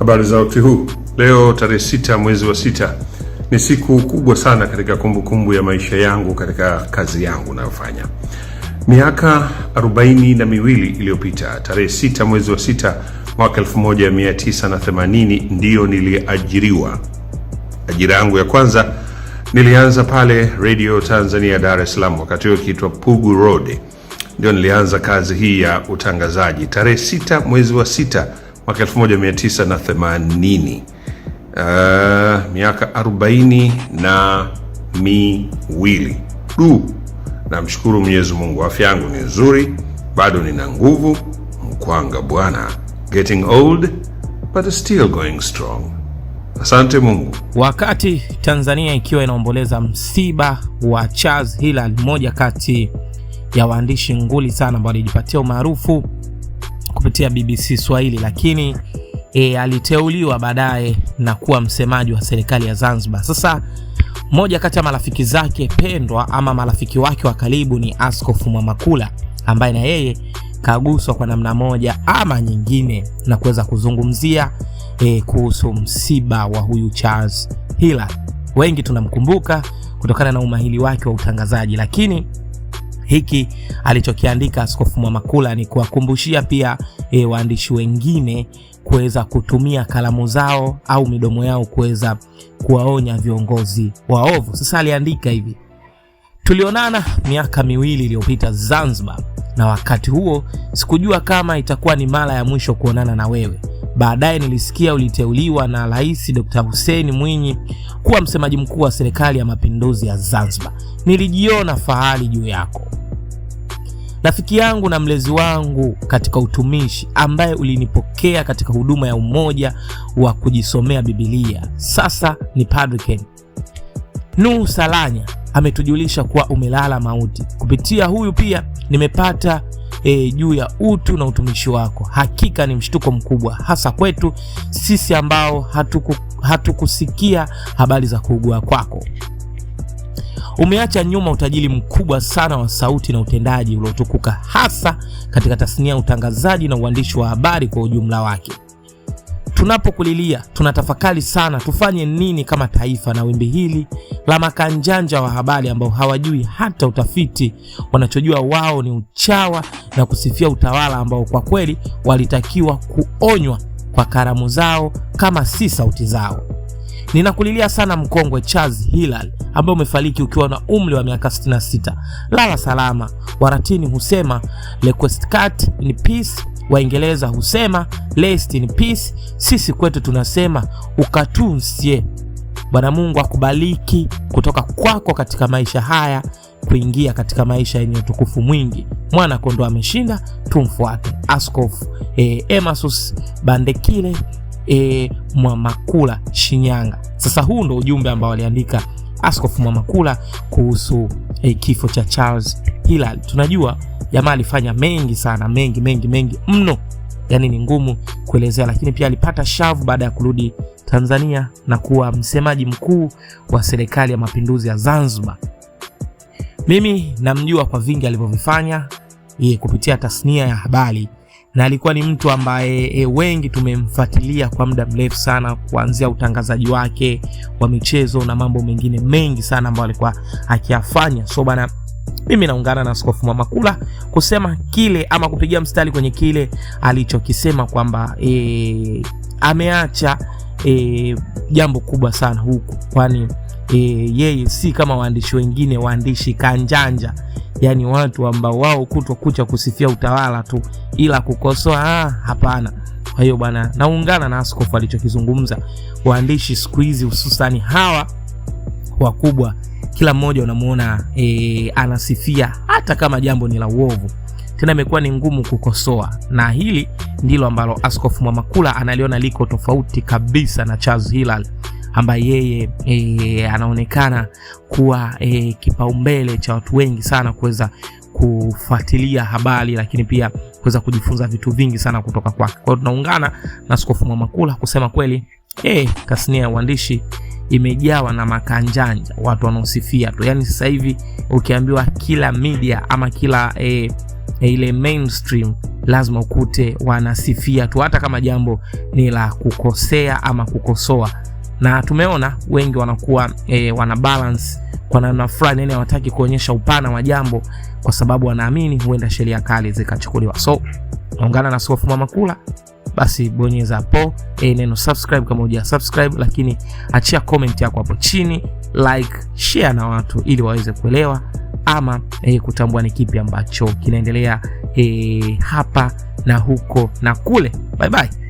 Habari za wakati huu. Leo tarehe sita mwezi wa sita ni siku kubwa sana katika kumbukumbu kumbu ya maisha yangu katika kazi yangu nayofanya. Miaka arobaini na miwili iliyopita tarehe sita mwezi wa sita mwaka 1980 ndiyo niliajiriwa. Ajira yangu ya kwanza nilianza pale Radio Tanzania Dar es Salaam, wakati huo ikiitwa Pugu Road. Ndio nilianza kazi hii ya utangazaji tarehe sita mwezi wa sita mwaka 1980 uh, ah, miaka arobaini na miwili du. Namshukuru Mwenyezi Mungu, afya yangu ni nzuri, bado nina nguvu. Mkwanga bwana, getting old but still going strong. Asante Mungu. Wakati Tanzania ikiwa inaomboleza msiba wa Charles Hilary, mmoja kati ya waandishi nguli sana ambao alijipatia umaarufu kupitia BBC Swahili, lakini e, aliteuliwa baadaye na kuwa msemaji wa serikali ya Zanzibar. Sasa moja kati ya marafiki zake pendwa ama marafiki wake wa karibu ni Askofu Mwamakula ambaye na yeye kaguswa kwa namna moja ama nyingine na kuweza kuzungumzia e, kuhusu msiba wa huyu Charles hila Wengi tunamkumbuka kutokana na umahili wake wa utangazaji, lakini hiki alichokiandika Askofu Mwamakula ni kuwakumbushia pia e, waandishi wengine kuweza kutumia kalamu zao au midomo yao kuweza kuwaonya viongozi waovu. Sasa aliandika hivi: tulionana miaka miwili iliyopita Zanzibar, na wakati huo sikujua kama itakuwa ni mara ya mwisho kuonana na wewe. Baadaye nilisikia uliteuliwa na Rais Dr. Hussein Mwinyi kuwa msemaji mkuu wa Serikali ya Mapinduzi ya Zanzibar. Nilijiona fahari juu yako. Rafiki yangu na mlezi wangu katika utumishi, ambaye ulinipokea katika huduma ya umoja wa kujisomea Biblia, sasa ni Padre Ken. Nuhu Salanya ametujulisha kuwa umelala mauti. Kupitia huyu pia nimepata E, juu ya utu na utumishi wako. Hakika ni mshtuko mkubwa, hasa kwetu sisi ambao hatukusikia hatukusikia habari za kuugua kwako umeacha nyuma utajiri mkubwa sana wa sauti na utendaji uliotukuka hasa katika tasnia ya utangazaji na uandishi wa habari kwa ujumla wake. Tunapokulilia tunatafakari sana, tufanye nini kama taifa na wimbi hili la makanjanja wa habari ambao hawajui hata utafiti. Wanachojua wao ni uchawa na kusifia utawala ambao kwa kweli walitakiwa kuonywa kwa karamu zao kama si sauti zao. Ninakulilia sana mkongwe Charles Hilal ambaye umefariki ukiwa na umri wa miaka 66. Lala salama. Waratini husema cut in peace, Waingereza husema rest in peace, sisi kwetu tunasema ukatunsie. Bwana Mungu akubariki kutoka kwako katika maisha haya kuingia katika maisha yenye utukufu mwingi. Mwana kondoo ameshinda, tumfuate. Askofu eh, Emasus Bandekile e, Mwamakula Shinyanga. Sasa huu ndo ujumbe ambao aliandika Askofu Mwamakula kuhusu e, kifo cha Charles Hilary. Tunajua jamaa alifanya mengi sana, mengi mengi mengi mno, yani ni ngumu kuelezea, lakini pia alipata shavu baada ya kurudi Tanzania na kuwa msemaji mkuu wa serikali ya mapinduzi ya Zanzibar. Mimi namjua kwa vingi alivyovifanya kupitia tasnia ya habari na alikuwa ni mtu ambaye e, wengi tumemfuatilia kwa muda mrefu sana, kuanzia utangazaji wake wa michezo na mambo mengine mengi sana ambayo alikuwa akiyafanya. So bana, mimi naungana na Askofu Mwamakula kusema kile ama kupigia mstari kwenye kile alichokisema kwamba e, ameacha e, jambo kubwa sana huku, kwani e, yeye si kama waandishi wengine, waandishi kanjanja yani watu ambao wao kutwa kucha kusifia utawala tu, ila kukosoa ah, hapana. Kwa hiyo bwana, naungana na askofu alichokizungumza. Waandishi siku hizi hususani hawa wakubwa, kila mmoja unamuona e, anasifia hata kama jambo ni la uovu, tena imekuwa ni ngumu kukosoa, na hili ndilo ambalo askofu Mwamakula analiona liko tofauti kabisa na Charles Hilary ambaye yeye e, anaonekana kuwa e, kipaumbele cha watu wengi sana kuweza kufuatilia habari lakini pia kuweza kujifunza vitu vingi sana kutoka kwake. Kwa hiyo tunaungana na Askofu Mwamakula kusema kweli, eh, tasnia ya uandishi imejawa na makanjanja, watu wanaosifia tu. Yaani sasa hivi ukiambiwa kila media ama kila eh, ile mainstream lazima ukute wanasifia tu, hata kama jambo ni la kukosea ama kukosoa na tumeona wengi wanakuwa e, wana balance kwa namna fulani, yani hawataki kuonyesha upana wa jambo kwa sababu wanaamini huenda sheria kali zikachukuliwa. So ungana na Askofu Kula, basi bonyeza hapo e, neno subscribe kama huja subscribe, lakini achia comment yako hapo chini, like, share na watu ili waweze kuelewa ama e, kutambua ni kipi ambacho kinaendelea e, hapa na huko na kule. Bye bye.